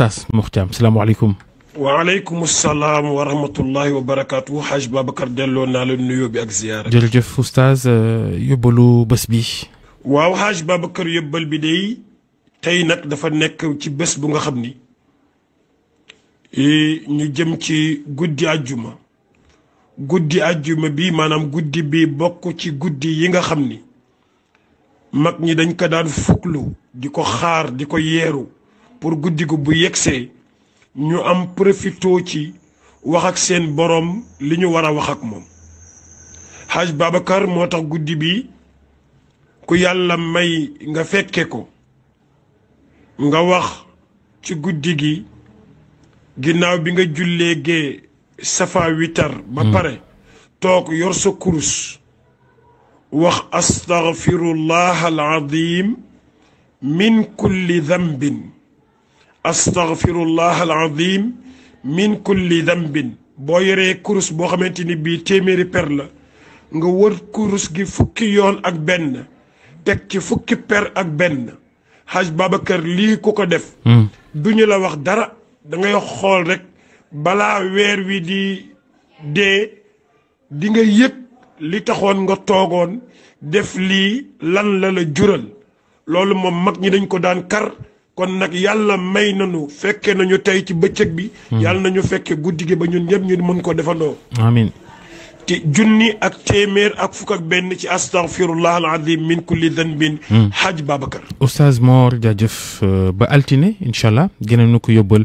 Oustaz Mokhtar salaamaaleykum. waaleykum salaam wa rahmatullahi wa barakaatu Haj Babacar delloo naa la nuyoo bi ak ziyaara. jërëjëf Oustaz yóbbalu bés bi. waaw Haj Babacar yóbbal bi de tey nag dafa nekk ci bés bu nga xam ni ñu jëm ci guddi àjjuma guddi àjjuma bi maanaam guddi bi bokk ci guddi yi nga xam ni mag ñi dañ ko daan fuklu di ko xaar di ko yeeru. pour guddi gu bu yegsee ñu am profito ci wax ak seen boroom li ñu war a wax ak moom xaaj Babacar moo tax guddi bi ku yàlla may nga fekke ko nga wax ci guddi gi ginnaaw bi nga jullee gee safa witar ba hmm. pare toog yor sa kurus wax astaghfirullah al azim min kulli dambin astaghfirullah alazim min kulli dambin boo yoree kurus boo xamante ni bii téeméeri per la nga wër kurus gi fukki yoon ak benn teg ci fukki per ak benn xaj Babacar lii ku ko def hmm. du ñu la wax dara da ngay xool rekk balaa weer wi di dee dinga nga yëg li taxoon nga toogoon def lii lan la la jural loolu moom mag ñi dañ ko daan kar kon nag yàlla may nañu fekke nañu tey ci bëccëg bi. Hmm. yàlla nañu fekke guddi gi ba ñun ñëpp ñu mën ko defandoo. amiin. ci junni ak téeméer ak fukk ak benn ci astaghfirullah al azim min kulli danbin haj hmm. Babacar. Oustaz Mor jaajëf euh, ba altine incha allah gën nu ko yóbbal